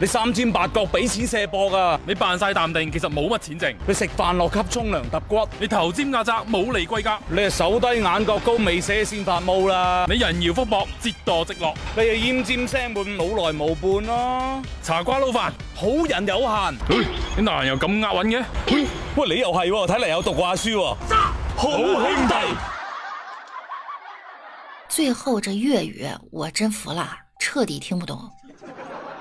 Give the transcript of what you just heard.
你三尖八角俾錢卸膊噶，你扮晒淡定，其實冇乜錢剩。你食飯落級，沖涼揼骨，你頭尖額窄冇嚟歸家，你係手低眼角高，未射先發毛啦、啊。你人搖福薄，折墮直落。你係奄尖聲悶，老來冇伴咯、啊。茶瓜撈飯，好人有限。哎、你男人又咁押韻嘅？喂，你又係喎，睇嚟有讀過書喎、啊。好兄弟， 最後這粵語我真服啦，徹底聽不懂。